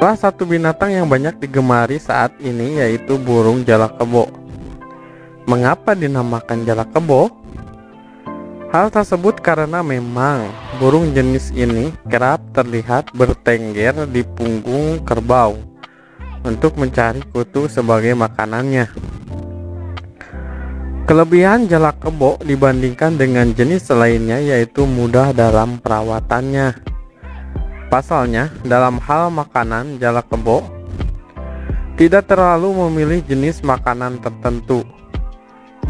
Salah satu binatang yang banyak digemari saat ini yaitu burung jalak kebo. Mengapa dinamakan jalak kebo? Hal tersebut karena memang burung jenis ini kerap terlihat bertengger di punggung kerbau untuk mencari kutu sebagai makanannya. Kelebihan jalak kebo dibandingkan dengan jenis lainnya yaitu mudah dalam perawatannya Pasalnya, dalam hal makanan, jala kebo tidak terlalu memilih jenis makanan tertentu.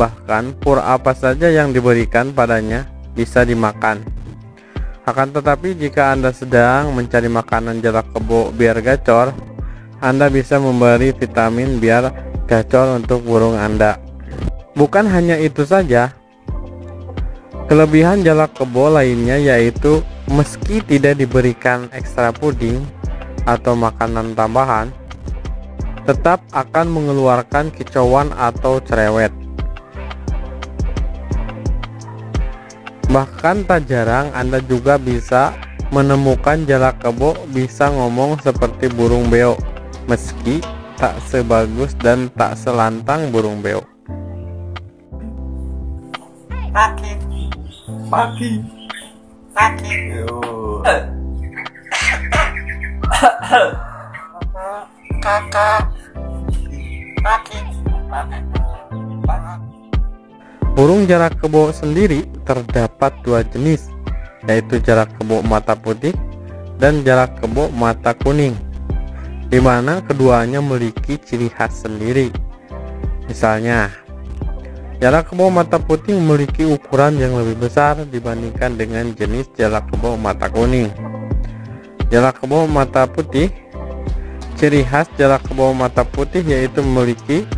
Bahkan, pur apa saja yang diberikan padanya bisa dimakan. Akan tetapi, jika Anda sedang mencari makanan jala kebo biar gacor, Anda bisa memberi vitamin biar gacor untuk burung Anda. Bukan hanya itu saja, kelebihan jala kebo lainnya yaitu Meski tidak diberikan ekstra puding atau makanan tambahan, tetap akan mengeluarkan kicauan atau cerewet. Bahkan tak jarang Anda juga bisa menemukan jalak kebo bisa ngomong seperti burung beo, meski tak sebagus dan tak selantang burung beo. Paki, Paki sakit kakak sakit Burung jarak kebo sendiri terdapat dua jenis, yaitu jarak kebo mata putih dan jarak kebo mata kuning, di mana keduanya memiliki ciri khas sendiri. Misalnya, Jalak kebo mata putih memiliki ukuran yang lebih besar dibandingkan dengan jenis jalak kebo mata kuning. Jalak kebo mata putih Ciri khas jalak kebo mata putih yaitu memiliki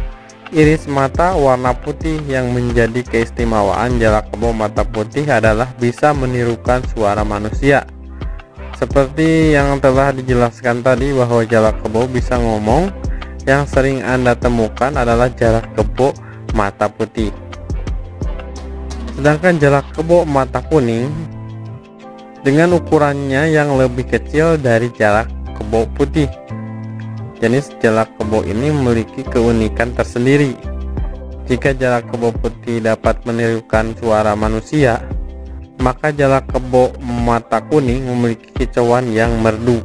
iris mata warna putih yang menjadi keistimewaan jalak kebo mata putih adalah bisa menirukan suara manusia. Seperti yang telah dijelaskan tadi bahwa jalak kebo bisa ngomong, yang sering Anda temukan adalah jalak kebo mata putih sedangkan jalak kebo mata kuning dengan ukurannya yang lebih kecil dari jalak kebo putih jenis jalak kebo ini memiliki keunikan tersendiri jika jalak kebo putih dapat menirukan suara manusia maka jalak kebo mata kuning memiliki kicauan yang merdu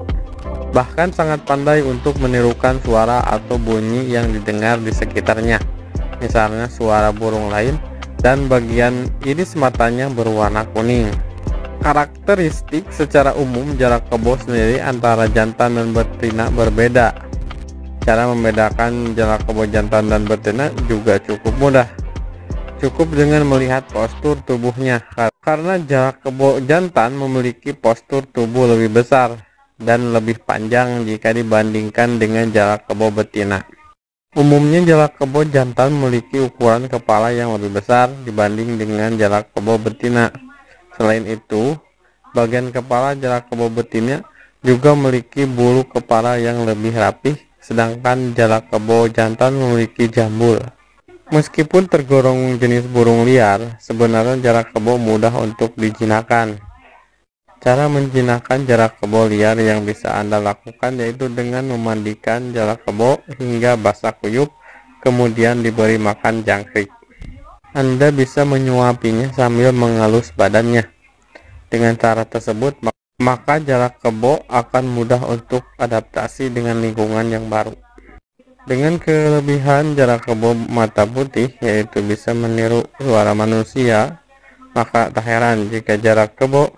bahkan sangat pandai untuk menirukan suara atau bunyi yang didengar di sekitarnya misalnya suara burung lain dan bagian ini sematanya berwarna kuning karakteristik secara umum jarak kebo sendiri antara jantan dan betina berbeda cara membedakan jarak kebo jantan dan betina juga cukup mudah cukup dengan melihat postur tubuhnya karena jarak kebo jantan memiliki postur tubuh lebih besar dan lebih panjang jika dibandingkan dengan jarak kebo betina Umumnya jalak kebo jantan memiliki ukuran kepala yang lebih besar dibanding dengan jalak kebo betina. Selain itu, bagian kepala jalak kebo betina juga memiliki bulu kepala yang lebih rapih, sedangkan jalak kebo jantan memiliki jambul. Meskipun tergolong jenis burung liar, sebenarnya jalak kebo mudah untuk dijinakan Cara menjinakkan jarak kebo liar yang bisa Anda lakukan yaitu dengan memandikan jarak kebo hingga basah kuyup, kemudian diberi makan jangkrik. Anda bisa menyuapinya sambil mengelus badannya. Dengan cara tersebut, maka jarak kebo akan mudah untuk adaptasi dengan lingkungan yang baru. Dengan kelebihan jarak kebo mata putih, yaitu bisa meniru suara manusia, maka tak heran jika jarak kebo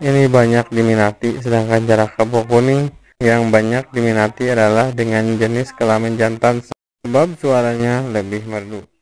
ini banyak diminati, sedangkan jarak kebo kuning yang banyak diminati adalah dengan jenis kelamin jantan sebab suaranya lebih merdu.